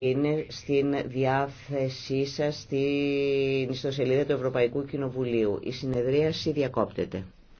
είναι στην διάθεσή σας στην ιστοσελίδα του Ευρωπαϊκού Κοινοβουλίου. Η συνεδρίαση διακόπτεται.